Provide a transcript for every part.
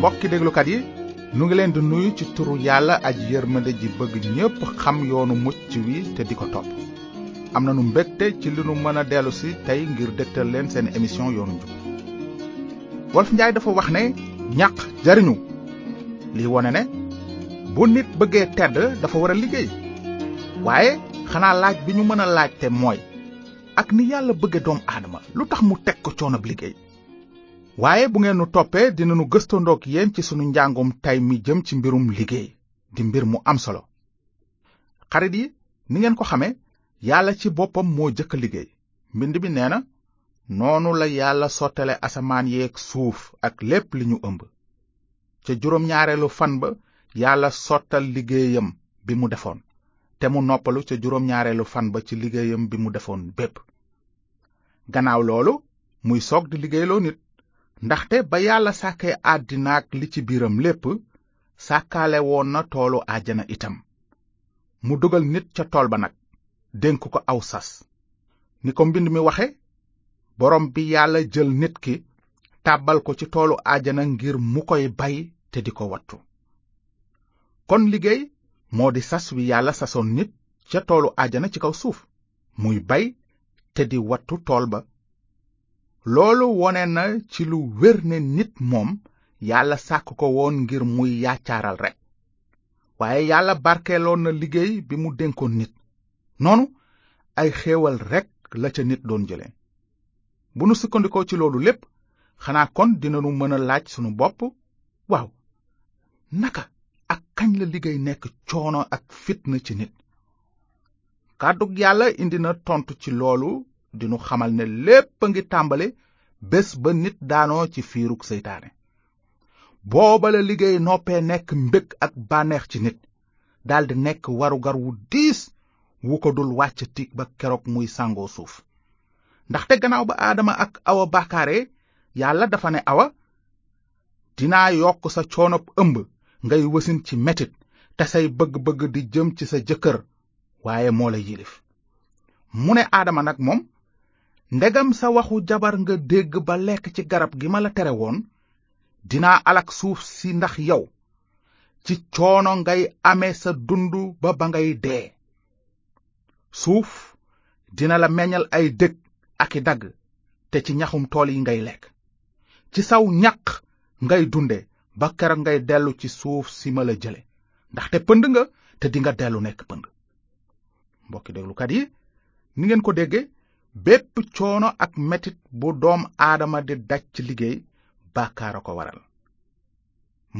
mbokki déglukat yi nu ngi leen di nuyu ci turu yàlla aji yërmande ji bëgg ñépp xam yoonu mucc wi te di ko topp am na nu mbégte ci li nu mën a dellu si tey ngir dégtal leen seen émission yoonu njub Wolf Njaay dafa wax ne ñaq jariñu lii wone ne bu nit bëggee tedd dafa war a liggéey waaye xanaa laaj bi ñu mën a laajte mooy ak ni yàlla bëgge doomu aadama lu tax mu teg ko coonob liggéey waaye bu ngeen nu toppee dinanu gëstandoog yéen ci sunu njàngum tay mi jëm ci mbirum liggéey di mbir mu am solo xarit yi ni ngeen ko xamee yàlla ci boppam moo jëkk liggéey mbind bi nee na noonu la yàlla sottale asamaan yeeg suuf ak lépp li ñu ëmb ca juróom ñaareelu fan ba yàlla sottal liggéeyam bi mu defoon te mu noppalu ca juróom ñaareelu fan ba ci liggéeyam bi mu defoon bépp gannaaw loolu muy soog di liggéeyloo nit ndaxte ba yàlla sàkkee àddinaak li ci biiram lépp sàkkaale woon na toolu àjjana itam mu dugal nit ca tool ba nag dénk ko aw sas ni ko mbind mi waxe borom bi yàlla jël nit ki tàbbal ko ci toolu àjjana ngir mu koy bay te di ko wattu kon liggéey moo di sas wi yàlla sasoon nit ca toolu àjjana ci kaw suuf muy bay te di wattu tool ba loolu wone na ci lu wér ne nit moom yàlla sàkk ko woon ngir muy yaacaaral rekk waaye yàlla barkeeloon na liggéey bi mu dénkoon nit noonu ay xéewal rekk la ca nit doon jële bu nu sukkandikoo ci loolu lépp xanaa kon dinanu mën a laaj sunu bopp waaw naka ak kañ la liggéey nekk coono ak fitna ci nit kàddug yàlla indi na tontu ci loolu dinu xamal ne lépp a ngi tàmbali bés ba nit daanoo ci fiirug seytaane booba la liggéey noppee nekk mbëkk ak bànneex ci nit daldi nekk warugar wu diis wu ko dul wàcc tig ba keroog muy sàngoo suuf ndaxte gannaaw ba aadama ak awa bàkkaare yàlla dafa ne awa dinaa yokk sa coonob ëmb ngay wasin ci metit te say bëgg-bëgg di jëm ci sa jëkkër waaye moo la yilif mu ne aadama nag moom ndegam sa waxu jabar nga dégg ba lekk ci garab gi ma la tere woon dinaa alak suuf si ndax yow ci coono ngay ame sa dund ba ba ngay dee suuf dina la meññal ay dëkk ak i dagg te ci ñaxum tool yi ngay lekk ci saw ñaq ngay dunde ba keroog ngay dellu ci suuf si ma la jële ndaxte pënd nga te dinga dellu nekk pënd mbokki déglukat yi ni ngeen ko déggee bépp coono ak metit bu doom aadama di daj ci liggéey bàkkaar a ko waral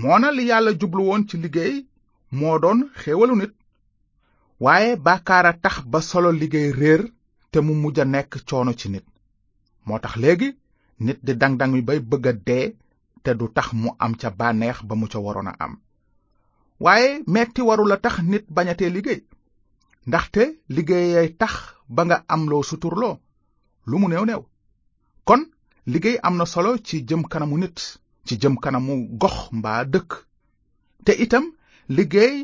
moona li yàlla jublu woon ci liggéey moo doon xéewalu nit waaye bàkkaar a tax ba solo liggéey réer te mu mujj a nekk coono ci nit moo tax léegi nit di dang-dang yi bay bëgg a dee te du tax mu am ca bànneex ba mu ca waroon a am waaye metti warul a tax nit bañatee liggéey ndaxte liggéeyay tax ba nga am loo suturloo lu mu néew néew kon liggéey am na solo ci jëm kanamu nit ci jëm kanamu gox mbaa dëkk te itam liggéey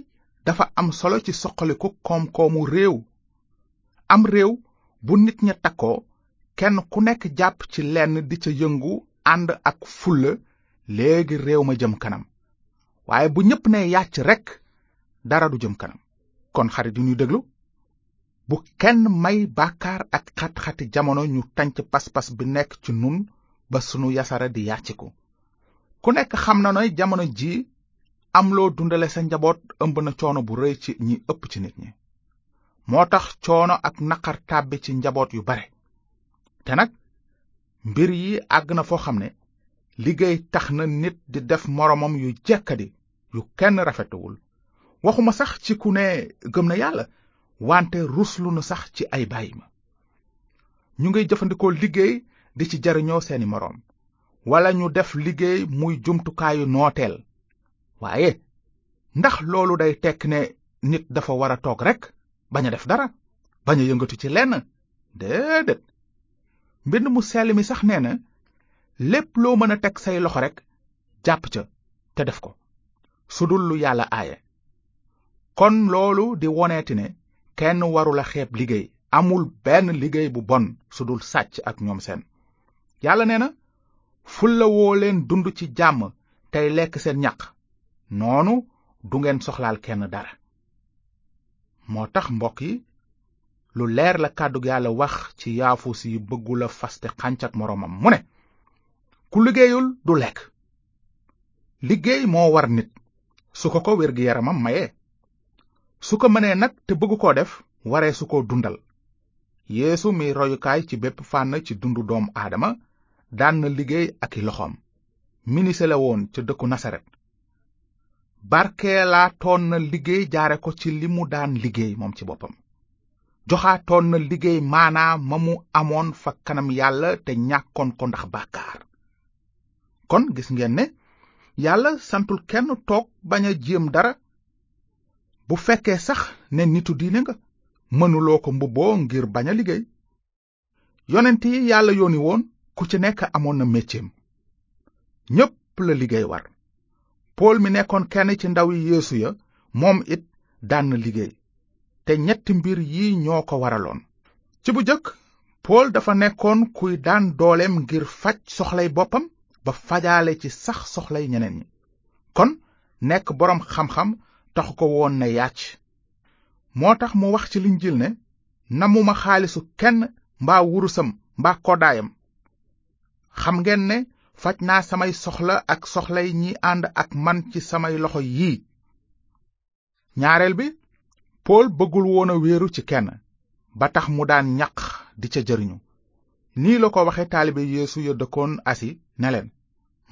dafa am solo ci soqaliku koom-koomu réew am réew bu nit ña takkoo kenn ku nekk jàpp ci lenn di ca yëngu ànd ak fulla léegi réew ma jëm kanam waaye bu ñépp ne yàcc rekk dara du jëm kanam kon xarit yu ñuy déglu bu kenn may bàkkaar ak xat-xati jamono ñu tànc pas-pas bi nekk ci nun ba sunu yasara di yàcciku ku nekk xam na ne jamono ji am loo dundale sa njaboot ëmb na coono bu rëy ci ñi ëpp ci nit ñi moo tax coono ak naqar tàbbi ci njaboot yu bare te nag mbir yi àgg na foo xam ne liggéey tax na nit di def moromam yu jekkadi yu kenn rafetewul waxuma sax ci ku ne gëm na yàlla wante ruslu nu sax ci ay bàyyi ma ñu ngay jëfandikoo liggéey di ci jariñoo seeni moroom walla ñu def liggéey muy jumtukaayu nooteel waaye ndax loolu day tekk ne nit dafa war a toog rekk bañ def dara bañ yëngatu ci lenn déedéet mbind mu sell mi sax nee na lépp loo mën a teg say loxo rekk jàpp ca te def ko su dul lu yàlla aaye kon loolu di woneeti ne kenn warula xeeb liggéey amul benn liggéey bu bon su dul sàcc ak ñoom seen yàlla nee na fulla woo leen dund ci jàmm tey lekk seen ñaq noonu du ngeen soxlaal kenn dara moo tax mbokk yi lu leer la kàddu yàlla wax ci yaafus yi bëggula faste xànc ak moroomam mu ne ku liggéeyul du lekk liggéey moo war nit su ko ko wér-gi-yaramam maye su ko mënee nag te bëgg koo def waree su ko dundal yéesu mi royukaay ci bépp fànn ci dundu doom aadama daan na liggéey ak i loxoom minise woon ca dëkku nasaret barkeelaatoon na liggéey jaare ko ci li mu daan liggéey moom ci boppam joxaatoon na liggéey maanaa ma mu amoon fa kanam yàlla te ñàkkoon ko ndax bàkkaar kon gis ngeen ne yàlla santul kenn toog bañ a jéem dara bu fekkee sax ne nitu diine nga mënuloo ko mbubboo ngir bañ a liggéey yonent yi yàlla yónni woon ku ci nekk amoon na mécceem ñépp la liggéey war pool mi nekkoon kenn ci ndaw yi yeesu ya moom it daan liggéey te ñetti mbir yi ñoo ko waraloon ci bu jëkk pool dafa nekkoon kuy daan dooleem ngir faj soxlay boppam ba fajaale ci sax soxlay ñeneen ñi kon nekk boroom xam-xam taxu ko woon na yàcc moo tax mu wax ci Linjiil ne namuma xaalisu kenn mbaa wurusam mbaa koddaayam xam ngeen ne faj naa samay soxla ak soxlay ñi ànd ak man ci samay loxo yii ñaareel bi Pool bëggul woona a wéeru ci kenn ba tax mu daan ñaq di ca jëriñu nii la ko waxe taalibe Yeesu ya dëkkoon Asi ne leen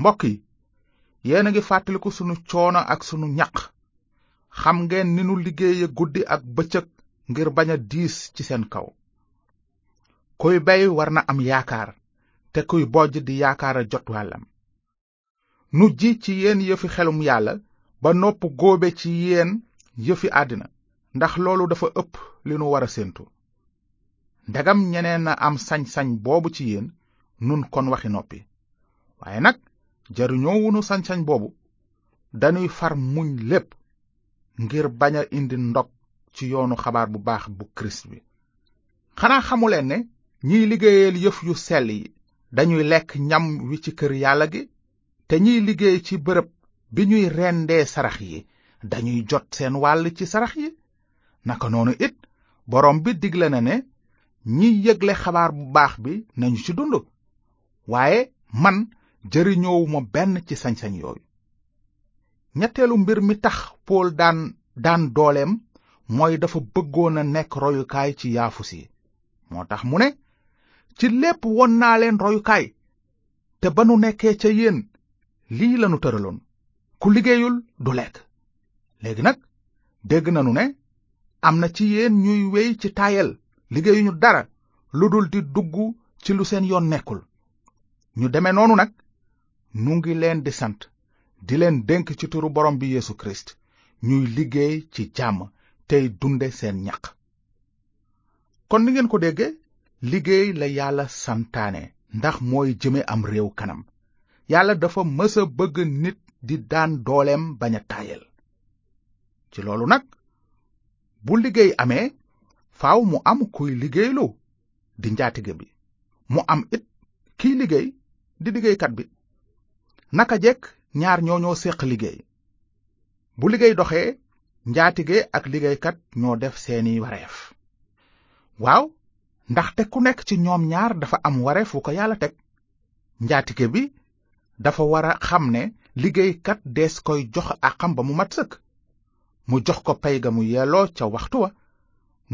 mbokk yi yéen a ngi fàttaliku sunu coono ak sunu ñaq xam ngeen ni nu liggéeye guddi ak bëccëg ngir bañ a diis ci seen kaw kuy bey war na am yaakaar te kuy bojj di yaakaara jot wàllam nu ji ci yéen yëfi xelum yàlla ba noppu góobe ci yéen yëfi àddina ndax loolu dafa ëpp li nu war a séentu ndegam ñeneen a am sañ-sañ boobu ci yéen nun kon waxi noppi waaye nag jariñoowunu sañ-sañ boobu dañuy far muñ lépp ngir bañ a indi ndog ci yoonu xabaar bu baax bu kirist bi xanaa xamuleen ne ñiy liggéeyal yëf yu sell yi dañuy lekk ñam wi ci kër yàlla gi te ñiy liggéey ci bërëb bi ñuy rendee sarax yi dañuy jot seen wàll ci sarax yi naka noonu it borom bi digle na ne ñiy yëgle xabaar bu baax bi nañu ci dund waaye man jëriñoowuma benn ci sañ-sañ yooyu ñetteelu mbir mi tax pool daan dooleem mooy dafa bëggoon a nekk royukaay ci yaafus yi moo tax mu ne ci lépp won naa leen royukaay te ba nu nekkee ca yéen lii lanu tëraloon ku liggéeyul du lekk léegi nag dégg nanu ne am na ci yéen ñuy wéy ci taayal liggéeyuñu dara lu dul di dugg ci lu seen yoon nekkul ñu deme noonu nag nu ngi leen di sant di leen dénk ci turu borom bi yéesu Kirist ñuy liggéey ci jàmm tey dunde seen ñax kon ni ngeen ko dégge liggéey la yàlla santaane ndax mooy jëme am réew kanam yàlla dafa mësa bëgg nit di daan dooleem bañ a ci loolu nag bu liggéey amee faw mu am kuy liggéeylu di njaatige bi mu am it kiy liggéey di liggéeykat bi naka jekk ñaar ñoo ñoo séq liggéey bu liggéey doxee njaatige ak liggéeykat ñoo def seeni wareef waaw ndax te ku nekk ci ñoom ñaar dafa am wareef wu ko yàlla teg njaatige bi dafa war a xam ne liggéeykat des koy jox àqam ba mu mat sëkk mu jox ko pay ga mu yelloo ca waxtu wa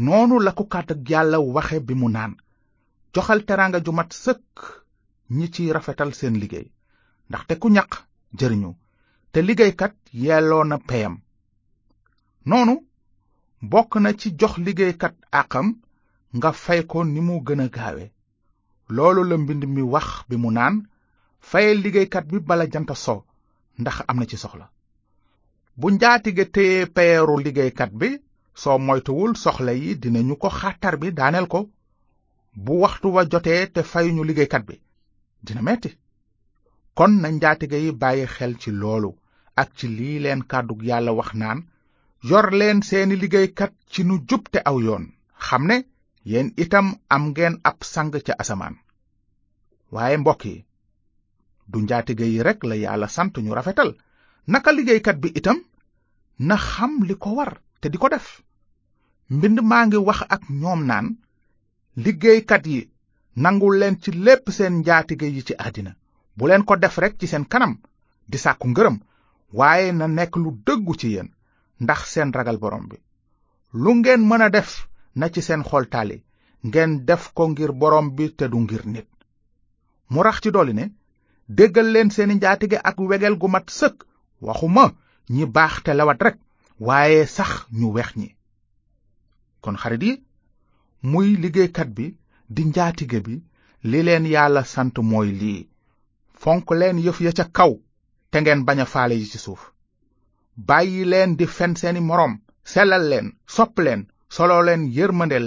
noonu la ku kàttak yàlla waxe bi mu naan joxal teraanga ju mat sëkk ñi ci rafetal seen liggéey ndaxte ku ñaq jëriñu te liggéeykat yelloo na peyam noonu bokk na ci jox liggéeykat àqam nga fay ko ni mu gën a gaawe loolu la mbind mi wax bi mu naan fayal liggéeykat bi bala jant so ndax am na ci soxla bu njaatige téye peeru liggéeykat bi soo moytuwul soxla yi ñu ko xàttar bi daaneel ko bu waxtu wa jotee te fayuñu liggéeykat bi dina metti kon na njaatige yi bàyyi xel ci loolu ak ci lii leen kàddu yàlla wax naan yor leen seeni liggéeykat ci nu jub te aw yoon xam ne yéen itam am ngeen ab sang ca asamaan waaye mbokk yi du njaatige yi rekk la yàlla sant ñu rafetal naka liggéeykat bi itam na xam li ko war te di ko def mbind maa ngi wax ak ñoom naan liggéeykat yi nangul leen ci lépp seen njaatige yi ci àddina bu leen ko def rekk ci seen kanam di sàkku ngërëm waaye na nekk lu dëggu ci yéen ndax seen ragal borom bi lu ngeen mën a def na ci seen xol taali ngeen def ko ngir borom bi te du ngir nit mu rax ci dolli ne déggal leen seeni njaatige ak wegel gu mat sëkk waxuma ñi baax te lawat rekk waaye sax ñu weex ñi kon xarit yi muy liggéeykat bi di njaatige bi li leen yàlla sant mooy lii fonk leen yëf ya ca kaw te ngeen bañ a faale yi ci suuf bàyyi leen di fen seeni moroom sellal leen sopp leen soloo leen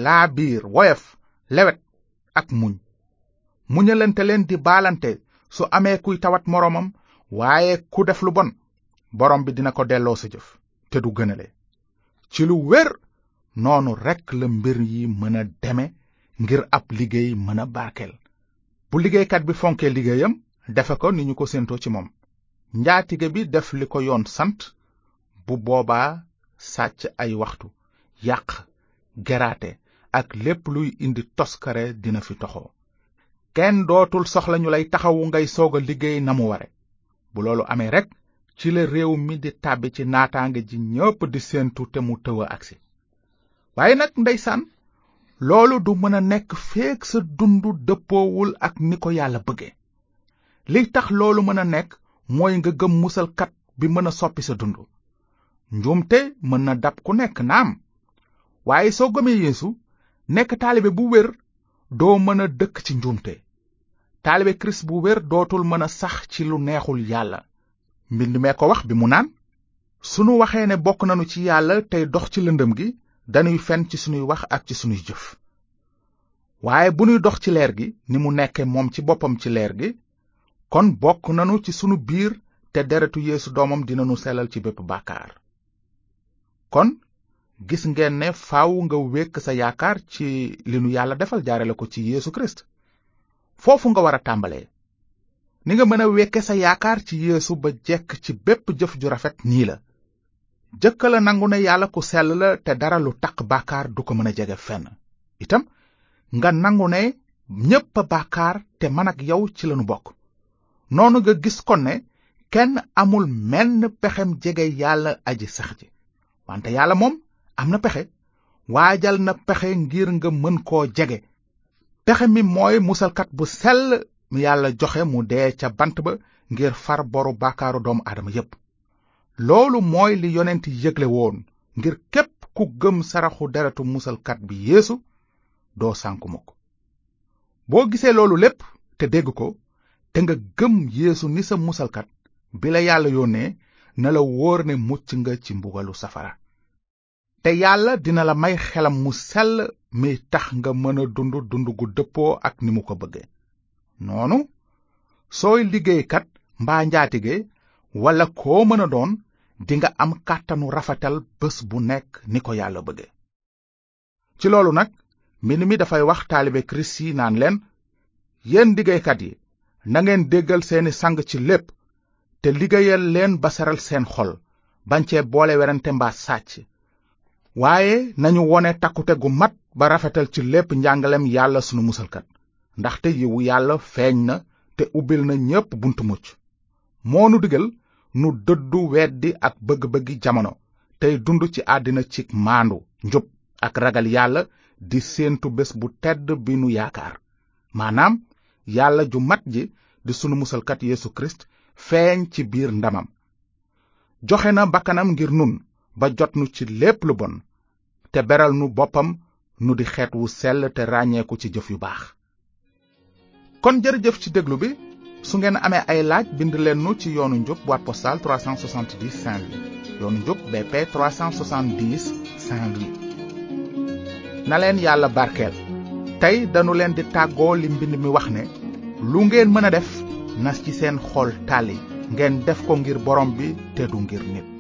laa biir woyof lewet ak muñ muñalante leen di baalante su amee kuy tawat moroomam waaye ku def lu bon borom bi dina ko delloo sa jëf te du gënale ci lu wér noonu rekk la mbir yi mën a deme ngir ab liggéey mën a barkeel bu liggéeykat bi fonkee liggéeyam defe ko ni ñu ko séentoo ci moom njaatige bi def li ko yoon sant bu boobaa sàcc ay waxtu yàq geraate ak lépp luy indi toskare dina fi toxoo kenn dootul soxla ñu lay taxawu ngay soog a liggéey na mu ware bu loolu amee rek ci la réew mi di tàbbi ci naataange ji ñépp di séentu te mu tëw a agsi waaye nag ndeysaan loolu du mën a nekk feek sa dund dëppoowul ak ni ko yàlla bëgge li tax loolu mën a nekk mooy nga gëm musalkat bi mën a soppi sa dund njuumte mën na dab ku nekk naam waaye soo gëmee yeesu nekk taalibe bu wér doo mën a dëkk ci njuumte taalibe kirist bu wér dootul mën a sax ci lu neexul yàlla mbind mee ko wax bi mu naan sunu waxee ne bokk nanu ci yàlla tey dox ci lëndëm gi dañuy fen ci sunuy wax ak ci sunuy jëf waaye bu nuy dox ci leer gi ni mu nekkee moom ci boppam ci leer gi kon bokk nanu ci sunu biir te deretu yéesu doomam dinanu selal ci bépp bàkkaar kon gis ngeen ne faw nga wékk sa yaakaar ci li nu yàlla defal jaarale ko ci yéesu kirist foofu nga war a tàmbalee ni nga mën a wekke sa yaakaar ci yéesu ba jekk ci bépp jëf ju rafet nii la jëkka la nangu ne yàlla ku sell la te dara lu taq bàkkaar du ko mën a jege fenn itam nga nangu ne ñépp a te man ak yow ci lanu bokk noonu nga gis ko ne kenn amul menn pexem jege yàlla aji sax ji wante yàlla moom am na pexe waajal na pexe ngir nga mën koo jege pexe mi mooy musalkat bu sell yàlla joxe mu dee ca bant ba ngir far boru bàkkaaru doomu aadama yépp loolu mooy li yonent yëgle woon ngir képp ku gëm saraxu deretu musalkat bi yéesu doo sànku mukk boo gisee loolu lépp te dégg ko te nga gëm yéesu ni sa musalkat bi la yàlla yónnee na la wóor ne mucc nga ci mbugalu safara te yàlla dina la may xelam mu sell mi tax nga mën a dund dund gu dëppoo ak ni mu ko bëgge noonu sooy liggéeykat mbaa njaatige walla koo mën a doon dinga am kàttanu rafetal bés bu nekk ni ko yàlla bëgge ci loolu nag mbind mi dafay wax taalibe kirist yi naan leen yéen liggéeykat yi nangeen déggal seeni sang ci lépp te liggéeyal leen ba saral seen xol bañ cee boole werante mbaa sàcc waaye nañu wone takkute gu mat ba rafetal ci lépp njàngalem yàlla sunu musalkat ndaxte yiwu yàlla feeñ na te ubbil na ñépp buntu mucc moo nu digal nu dëddu weddi ak bëgg-bëggi jamono tey dund ci àddina cig maandu njub ak ragal yàlla di séentu bés bu tedd bi nu yaakaar maanaam yàlla ju mat ji di sunu musalkat Yesu Kirist feeñ ci biir ndamam joxe na bakkanam ngir nun ba jot nu ci lépp lu bon te beral nu boppam nu di xeet wu sell te ràññeeku ci jëf yu baax kon jërëjëf ci déglu bi su ngeen amee ay laaj bind leen nu ci yoonu njub boîte postale 370 Saint-Louis yoonu njub BP 370 Saint-Louis na leen yàlla barkeel tey dañu leen di tàggoo li mbind mi wax ne lu ngeen mën a def nas ci seen xol tàlli ngeen def ko ngir borom bi te du ngir nit